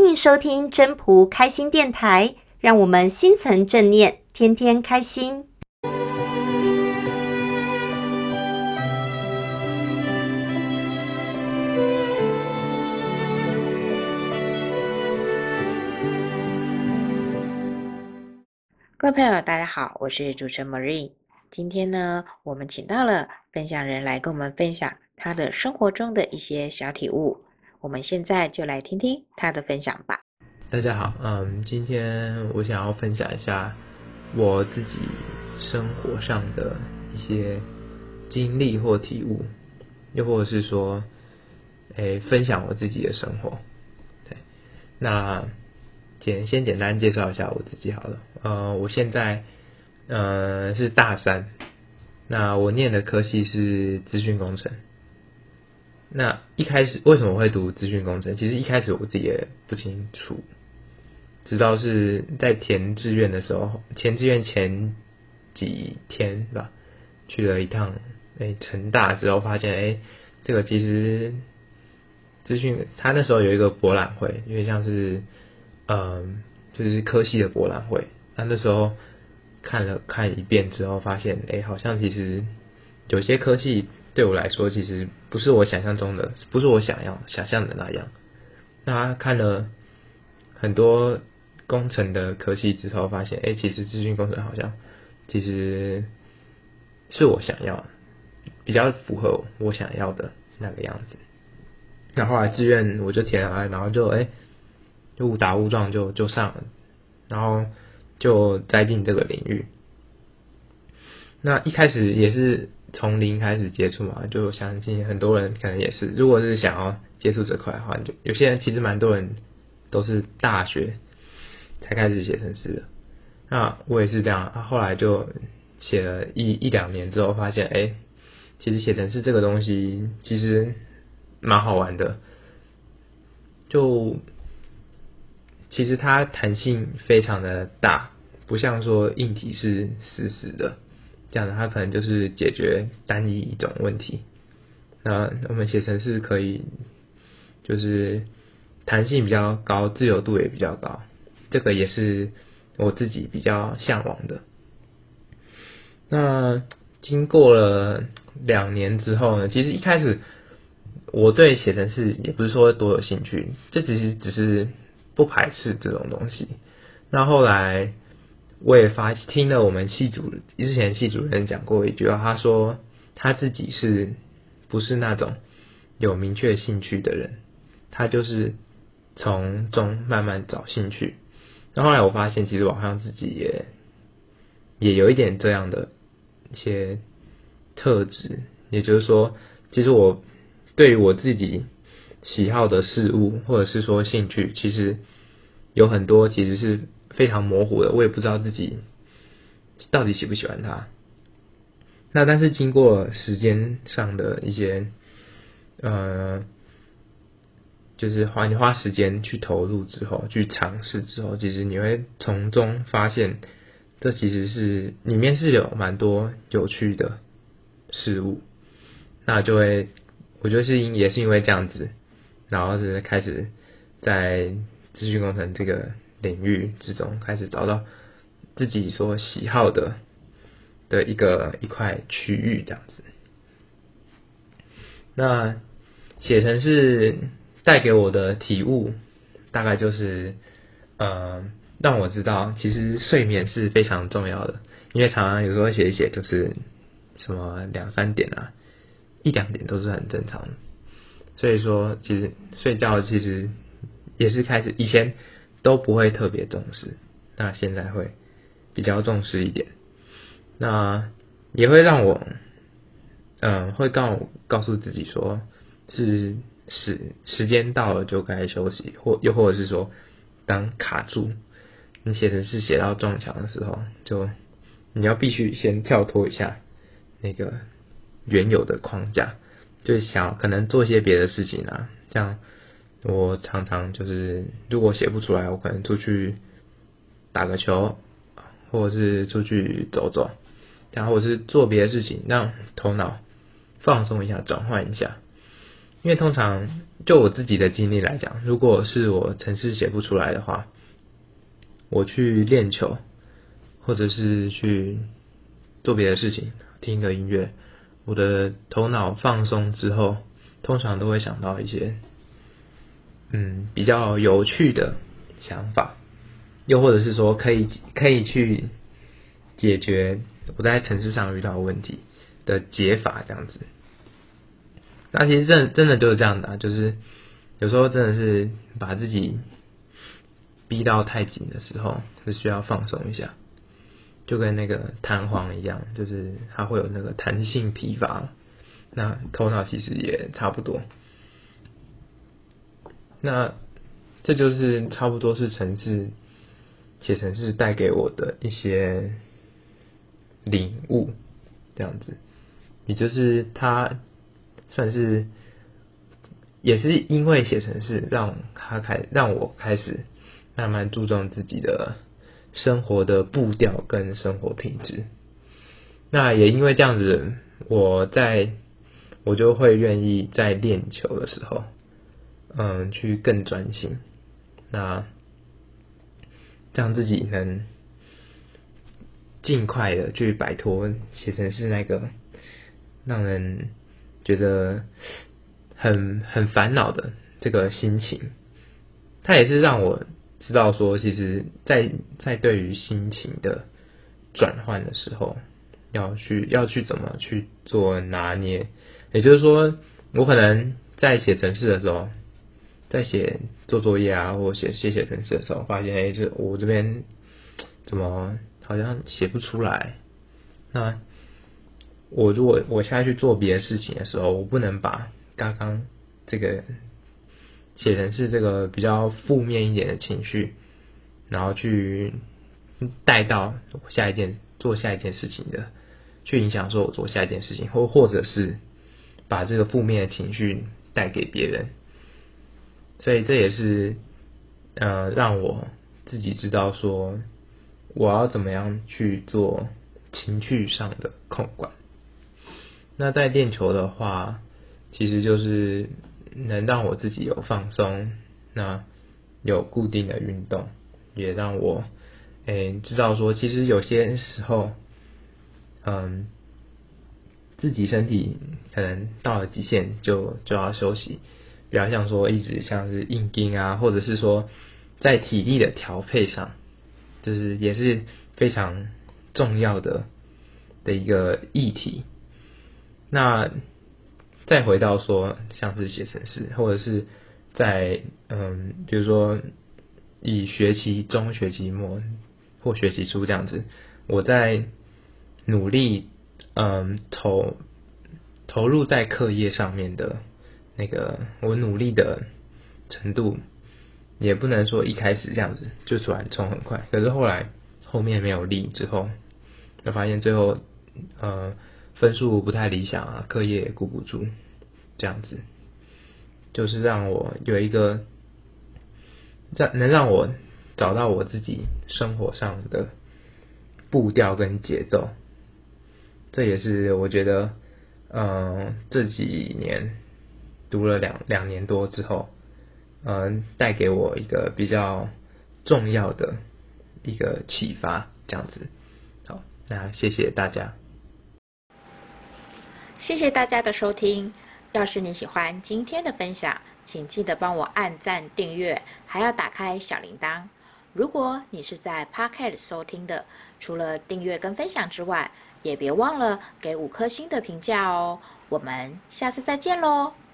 歡迎收聽真樸開心電台，讓我們心存正念，天天開心。各位朋友，大家好，我是主持人 Marie。今天呢，我們請到了分享人來跟我們分享他的生活中的一些小體悟。我們現在就來聽聽他的分享吧。大家好，嗯，今天我想要分享一下我自己生活上的一些經歷或體悟，又或者是說，誒，分享我自己的生活。對，那簡先簡單介紹一下我自己好了。呃、嗯，我現在，嗯，是大三，那我念的科系是資訊工程。那一開始為什麼會讀資訊工程？其實一開始我自己也不清楚，直到是在填志願的時候，填志願前幾天吧，去了一趟哎、欸、成大之後，發現哎、欸、這個其實資訊他那時候有一個博覽會，因為像是嗯就是科系的博覽會，那、啊、那時候看了看一遍之後，發現哎、欸、好像其實有些科系對我來說其實。不是我想象中的，不是我想要想象的那樣。那看了很多工程的科技之後，發現，哎、欸，其實資訊工程好像其實是我想要，比較符合我想要的那個樣子。那後，後來志願我就填了、啊，然後就哎、欸，就誤打誤撞就就上了，然後就栽進這個領域。那一開始也是。從零開始接觸嘛，就我相信很多人可能也是。如果是想要接觸這塊的話，就有些人其實蠻多人都是大學才開始寫程式的。那我也是這樣，啊、後來就寫了一一兩年之後，發現哎、欸，其實寫程式這個東西其實蠻好玩的。就其實它彈性非常的大，不像說硬體是死死的。這樣的，它可能就是解決單一一種問題。那我們寫程式可以，就是彈性比較高，自由度也比較高。這個也是我自己比較嚮往的。那經過了兩年之後呢，其實一開始我對寫程式也不是說多有興趣，這只是只是不排斥這種東西。那後來。我也發聽了我們系主任，之前系主任講過一句話，他說他自己是不是那種有明確興趣的人，他就是從中慢慢找興趣。那後來我發現，其實我好像自己也也有一點這樣的一些特質，也就是說，其實我對於我自己喜好的事物，或者是說興趣，其實有很多其實是。非常模糊的，我也不知道自己到底喜不喜歡他。那但是經過時間上的一些，呃，就是花你花時間去投入之後，去嘗試之後，其實你會從中發現，這其實是裡面是有蠻多有趣的事物。那就會，我覺得是因也是因為這樣子，然後是開始在資訊工程這個。領域之中開始找到自己所喜好的的一個一塊區域這樣子。那寫成是帶給我的體悟，大概就是呃，讓我知道，其實睡眠是非常重要的，因為常常有時候寫一寫，就是什麼兩三點啊，一兩點都是很正常的。所以說，其實睡覺其實也是開始以前。都不會特別重視，那現在會比較重視一點，那也會讓我，嗯，會告告訴自己說，是，是時時間到了就該休息，或又或者是說，當卡住，你寫的是寫到撞牆的時候，就你要必須先跳脫一下那個原有的框架，就想可能做些別的事情啊，這樣我常常就是，如果寫不出來，我可能出去打個球，或者是出去走走，然後是做別的事情，讓頭腦放鬆一下，轉換一下。因為通常就我自己的經歷來講，如果是我程式寫不出來的話，我去練球，或者是去做別的事情，聽一個音樂，我的頭腦放鬆之後，通常都會想到一些。嗯，比較有趣的想法，又或者是說可以可以去解決我在城市上遇到的問題的解法，這樣子。那其實真的真的就是這樣的啊，就是有時候真的是把自己逼到太緊的時候，是需要放鬆一下，就跟那個彈簧一樣，就是它會有那個彈性疲乏。那頭腦其實也差不多。那這就是差不多是程式，寫程式帶給我的一些領悟，這樣子，也就是他算是也是因為寫程式讓他開，讓我開始慢慢注重自己的生活的步調跟生活品質。那也因為這樣子，我在我就會願意在練球的時候。嗯，去更專心，那讓自己能盡快的去擺脫寫程式那個讓人覺得很很煩惱的這個心情。它也是讓我知道說，其實在，在在對於心情的轉換的時候，要去要去怎麼去做拿捏。也就是說，我可能在寫程式的時候。在寫做作業啊，或寫寫寫程式的時候，發現哎，這、欸、我這邊怎麼好像寫不出來？那我如果我現在去做別的事情的時候，我不能把剛剛這個寫成是這個比較負面一點的情緒，然後去帶到我下一件做下一件事情的，去影響說我做下一件事情，或或者是把這個負面的情緒帶給別人。所以這也是，呃，讓我自己知道說，我要怎麼樣去做情緒上的控管。那在練球的話，其實就是能讓我自己有放鬆，那有固定的運動，也讓我誒、欸、知道說，其實有些時候，嗯，自己身體可能到了極限就，就就要休息。比較像說，一直像是硬拼啊，或者是說，在體力的調配上，就是也是非常重要的的一個議題。那再回到說，像是寫程式，或者是在嗯，比如說以學期中、學期末或學期初這樣子，我在努力嗯投投入在課業上面的。那個我努力的程度，也不能說一開始這樣子就突然衝很快，可是後來後面沒有力之後，就發現最後呃分數不太理想啊，課業也顧不住這樣子，就是讓我有一個讓能讓我找到我自己生活上的步調跟節奏，這也是我覺得嗯、呃、這幾年。讀了兩兩年多之後，嗯、呃，帶給我一個比較重要的一個啟發，這樣子。好，那謝謝大家。謝謝大家的收聽。要是你喜歡今天的分享，請記得幫我按贊、訂閱，還要打開小鈴鐺。如果你是在 Pocket 收聽的，除了訂閱跟分享之外，也別忘了給五顆星的評價哦。我們下次再見嘍。